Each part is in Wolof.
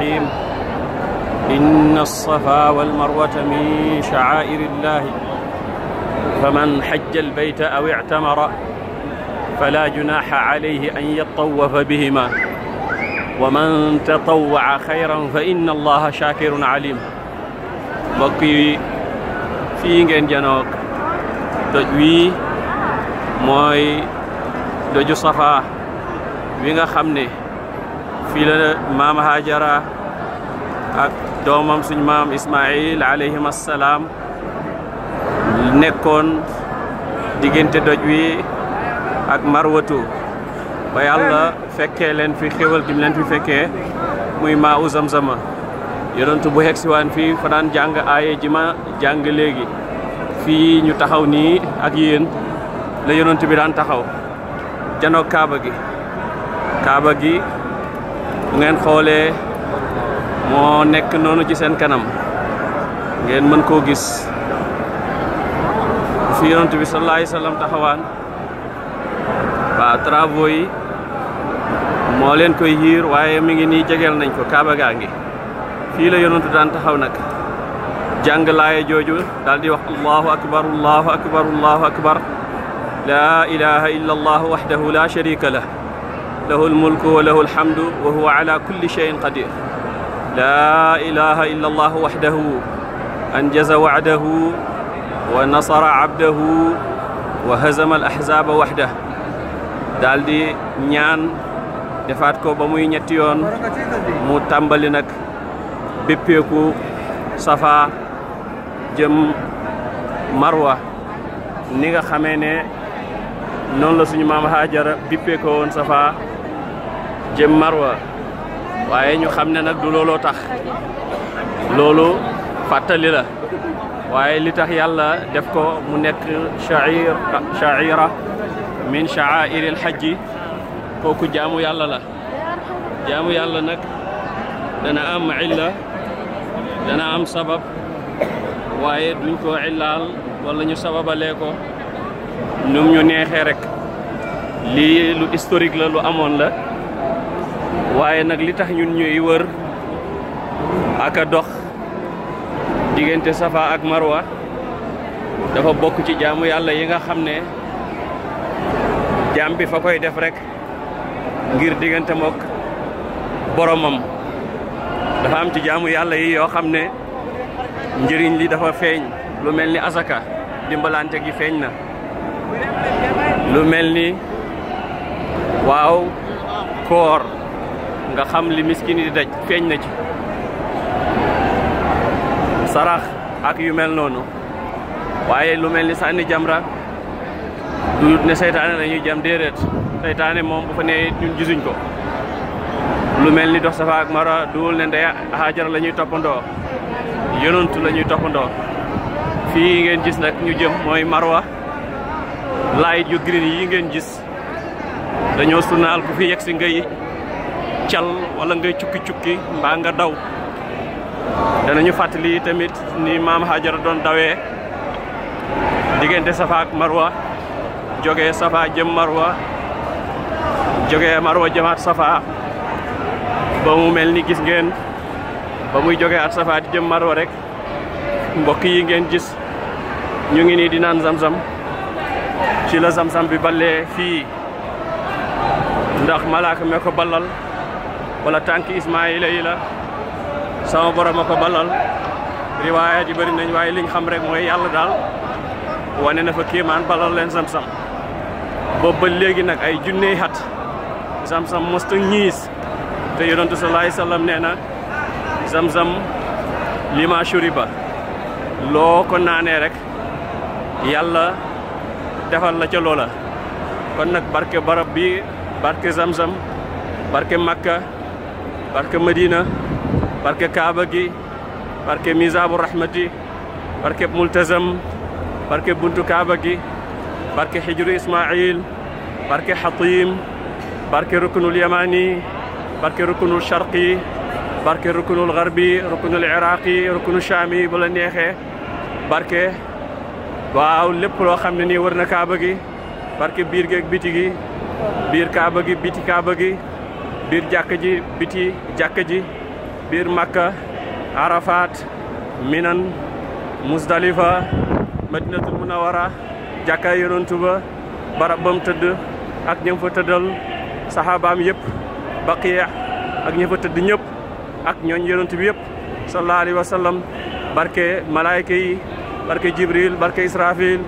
الرحيم إن الصفا والمروة من شعائر الله فمن حج البيت أو اعتمر فلا جناح عليه أن يطوف بهما ومن تطوع خيرا فإن الله شاكر عليم mbokk yi fii ngeen janoog doj wii mooy doju Safa wi nga xam ne fii la maam Haajara ak doomam suñ maam Ismaayil alayhim assalaam nekkoon diggante doj wi ak marwatu ba yàlla fekkee leen fi xéwal gi leen fi fekkee muy maa u zamzama yonentu bu hegsi waan fii fa daan jàng aaye ji ma jàng léegi fii ñu taxaw nii ak yéen la yonentu bi daan taxaw janoog kaaba gi kaaba gi bu ngeen xoolee moo nekk noonu ci seen kanam ngeen mën koo gis fi yonent bi sallallahu ay wa sallam taxawaan waaw travaux yi moo leen koy yiir waaye mi ngi nii jegeel nañ ko kaaba gaa ngi fii la yonentu daan taxaw nag jàng laaye jooju daal di wax allahu akbar allahu akbar allahu akbar laa ilaha illa allah waxdahu la sharika lah lahu almulku wa lahu alhamdu wa huwa ala kulli cheyin qadir laa ilaha illa allah waxdahu anjaza wacdahu wa nasara abdahu wa hazama al ahzaaba waxdah ñaan defaat ko ba muy ñetti yoon mu tàmbali nag béppeeku safa jëm marwa ni nga xamee ne noonu la suñu maam haajara bippeekoo woon safa jëm marwa waaye ñu xam ne nag du looloo tax loolu fàttali la waaye li tax yàlla def ko mu nekk shair shaira min sha'airil hajji kooku jaamu yàlla la jaamu yàlla nag dana am illa dana am sabab waaye duñ ko illaal wala ñu sababalee ko num ñu neexee rek lii lu historique la lu amoon la waaye nag li tax ñun ñuy wër ak a dox diggante safa ak marwa dafa bokk ci jaamu yàlla yi nga xam ne jaam bi fa koy def rekk ngir diggante mook boromam dafa am ci jaamu yàlla yi yoo xam ne njëriñ li dafa feeñ lu mel ni asaka dimbalante gi feeñ na lu mel ni waaw koor nga xam li miskin yi di feeñ na ci sarax ak yu mel noonu waaye lu mel ni sànni jamra duyut ne seytaane nañuy jam déedéet seytaane moom bu fa nee ñun ko lu mel ni dox safa ak mara duwul ne ndey xaajara la ñuy toppandoo yonantu la ñuy toppandoo fii ngeen gis nag ñu jëm mooy marwa laayit yu green yi ngeen gis dañoo sunnaal ku fi yegg si ngay cal walla ngay cukki-cukki mbaa nga daw danañu fàttali tamit ni maam Hajara doon dawee diggante Safa Marwa joge Safa jëm Marwa joge Marwa jëmaat Safa ba mu mel ni gis ngeen ba muy jógee at Safa jëm Marwa rek mbokk yi ngeen gis ñu ngi nii di naan zam ci la zam-zam bi ballee fii ndax malaaka me ko ballal wala tànk Ismaayila yi la sama borom a ko balal riwaaya ji bëri nañ waaye liñ xam rek mooy yàlla daal wane na fa kéemaan balal leen sam-sam boobu ba léegi nag ay junney xat sam-sam mosta ñiis te yonentu sallallahu alayhi wasallam nee na sam-sam lima shuriba loo ko naanee rek yàlla defal la ca loola kon nag barke barab bi barke zam-zam barke Makka barke Madina barke Kaaba gi barke Mizabu Rahmati barke Multazam barke Buntu Kaaba gi barke Hijru Ismail barke Hatim barke Rukunul Yamani barke Rukunul Sharqi barke Rukunul Garbi Rukunul Iraqi Rukunul Shami bu neexee barke waaw lépp loo xam ne nii war na Kaaba gi barke biir geeg biti gi biir Kaaba gi Kaaba gi biir jàkka ji biti jàkka ji biir Makka Arafat Minan Musdalifa Madinatul Munawara jàkka yonantu ba barab bam tëdd ak ñëm fa tëddal saxaabaam yëpp baqiya ak ñëm fa tëdd ñëpp ak ñooñ yonantu bi yëpp sallallahu alayhi barke malaayka barke Jibril barke Israfil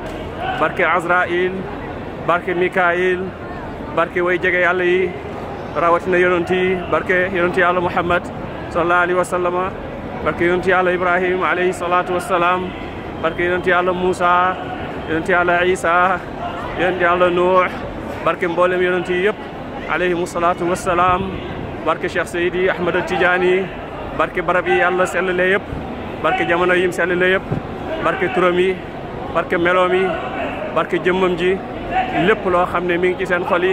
barke Azrail barke Mikail barke way jege yi rawatina yonent yi barke yonent yàlla Muhammad sallallahu alayhi wa sallama barke yonent yàlla Ibrahim alayhi salaatu wa salaam barke yonent yàlla Moussa yonent yàlla Isa yonent yàlla Nuux barke mboolem yonent yi yëpp alayhimu salaatu wa salaam barke Cheikh Seydi Ahmed Tidiane barke barab yi yàlla sellale yëpp barke jamono yim sellale yëpp barke turam yi barke meloom yi barke jëmmam ji lépp loo xam ne mi ngi ci seen xol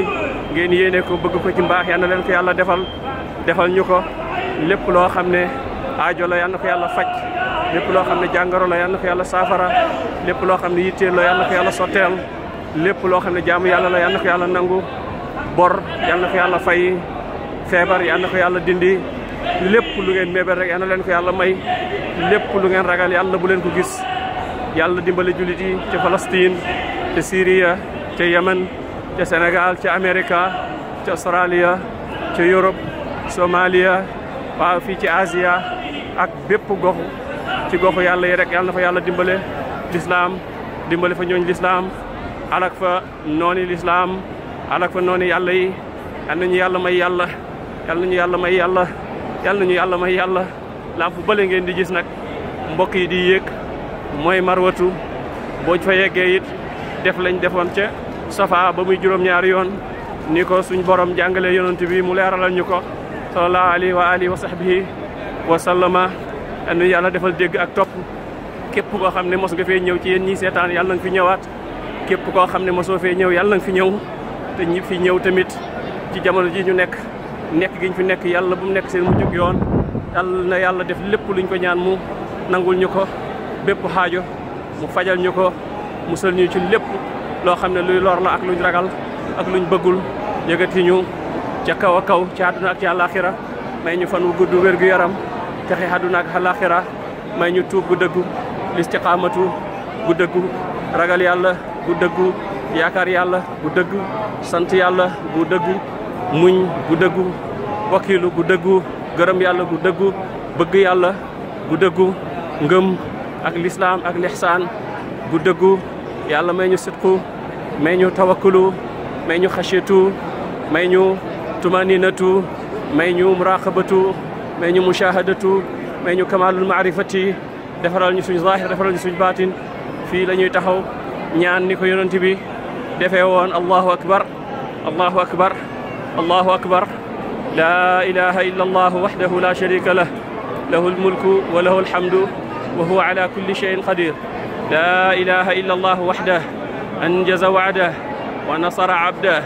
ngeen yéene ko bëgg ko ci mbaax yal leen ko yàlla defal defal ñu ko lépp loo xam ne aajo la yal na ko yàlla faj lépp loo xam ne jàngoro la yal na ko yàlla saafara lépp loo xam ne yitteel la yal na ko yàlla sotteel lépp loo xam ne jaamu yàlla la yal na ko yàlla nangu bor yal ko yàlla fay feebar yal ko yàlla dindi lépp lu ngeen mébél rek yal na leen ko yàlla may lépp lu ngeen ragal yàlla bu leen gis yàlla dimbal jullit yi ci Palestine te Syria te Yemen ca Sénégal ca Amérique ca Australia ca Europe Somalia waaw fii ci Asia ak bépp goxu ci goxu yàlla yi rek yàlla na fa yàlla dimbale lislaam dimbale fa ñooñ lislaam alak fa nooni lislaam alak fa nooni yàlla yi yal nañu yàlla may yàlla yal nañu yàlla may yàlla yal nañu yàlla may yàlla lamp bële ngeen di gis nag mbokk yi di yéeg mooy marwatu boo fa yeggee it def lañ defoon ca safa ba muy juróom-ñaari yoon ni ko suñ borom jàngale yonent bi mu leeralal ñu ko sallallahu alayhi wa alihi wa sahbihi wa sallama and yàlla defal dégg ak topp képp koo xam ne mos nga fee ñëw ci yéen ñii seetaan yàlla nga fi ñëwaat képp koo xam ne mosoo fee ñëw yàlla nga fi ñëw te fi ñëw tamit ci jamono ji ñu nekk nekk giñ fi nekk yàlla bu mu nekk seen mujjug yoon yàlla na yàlla def lépp luñ ko ñaan mu nangul ñu ko bépp xaajo mu fajal ñu ko musal ñu ci lépp loo xam ne luy lor la ak luñ ragal ak luñ bëggul yëgati ñu ca kaw a kaw ci àdduna ak ci àllaaxira may ñu fan wu gudd wérgu yaram texe àdduna ak àllaaxira may ñu tuub gu dëggu listiqaamatu gu dëggu ragal yàlla gu dëggu yaakaar yàlla gu dëggu sant yàlla gu dëggu muñ gu wakiilu gu dëggu gërëm yàlla gu dëggu bëgg yàlla gu dëggu ngëm ak lislaam ak lixsaan gu dëggu yàlla may ñu sidqu may ñu tawakkulu may ñu xashetu may ñu tumaninatu may ñu muraqabatu may ñu mushahadatu may ñu kamalul maarifati defaral ñu suñu zahir defaral ñu suñu baatin fii la ñuy taxaw ñaan ni ko yonent bi defee woon allahu akbar allahu akbar allahu akbar laa ilaha illa allahu waxdahu la sharika lah lahu almulku wa lahu alhamdu wa huwa ala kulli cheyin qadir لا إله إلا الله وحده أنجز وعده ونصر عبده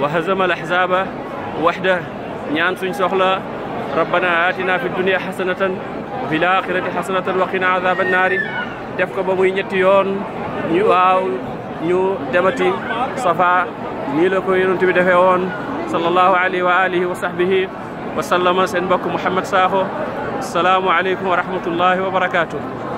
وهزم الأحزاب وحده ñaan suñ soxla rabbana atina fi dunia xasanatan wa fi laaxirati xasanatan wa qina azaaba naari def ko ba muy ñetti yoon ñu waaw ñu demati safa nii la ko yonent bi defee woon sallallahu alayhi wa alihi wa sahbihi wa sallama seen mbokk Mouhamed Sakho asalaamu aleykum wa rahmatullahi wa barakaatu